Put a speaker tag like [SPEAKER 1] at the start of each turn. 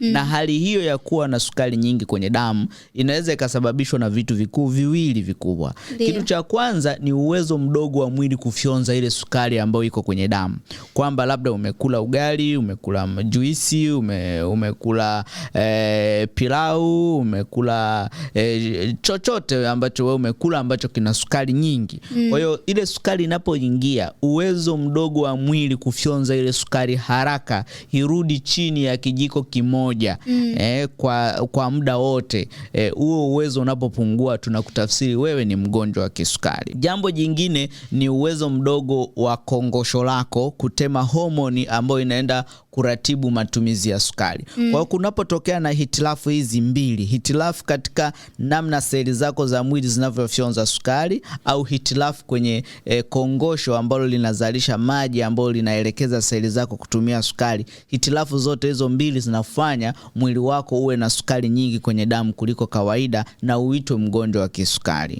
[SPEAKER 1] mm. na hali hiyo ya kuwa na sukari nyingi kwenye damu inaweza ikasababishwa na vitu vikuu viwili vikubwa. Kitu cha kwanza ni uwezo mdogo wa mwili kufyonza ile sukari ambayo iko kwenye damu, kwamba labda umekula ugali, umekula juisi, ume, umekula e, pilau, umekula e, chochote ambacho wewe umekula ambacho kina sukari nyingi mm. kwa hiyo ile sukari inapoingia, uwezo mdogo wa mwili kufyonza ile sukari haraka irudi chini ya kijiko kimoja moja mm. eh, kwa, kwa muda wote eh, huo eh, uwezo unapopungua tunakutafsiri wewe ni mgonjwa wa kisukari. Jambo jingine ni uwezo mdogo wa kongosho lako kutema homoni ambayo inaenda kuratibu matumizi ya sukari mm. Kwa hiyo kunapotokea na hitilafu hizi mbili, hitilafu katika namna seli zako za mwili zinavyofyonza sukari au hitilafu kwenye e, kongosho ambalo linazalisha maji ambalo linaelekeza seli zako kutumia sukari, hitilafu zote hizo mbili zinafanya mwili wako uwe na sukari nyingi kwenye damu kuliko kawaida na uitwe mgonjwa wa kisukari.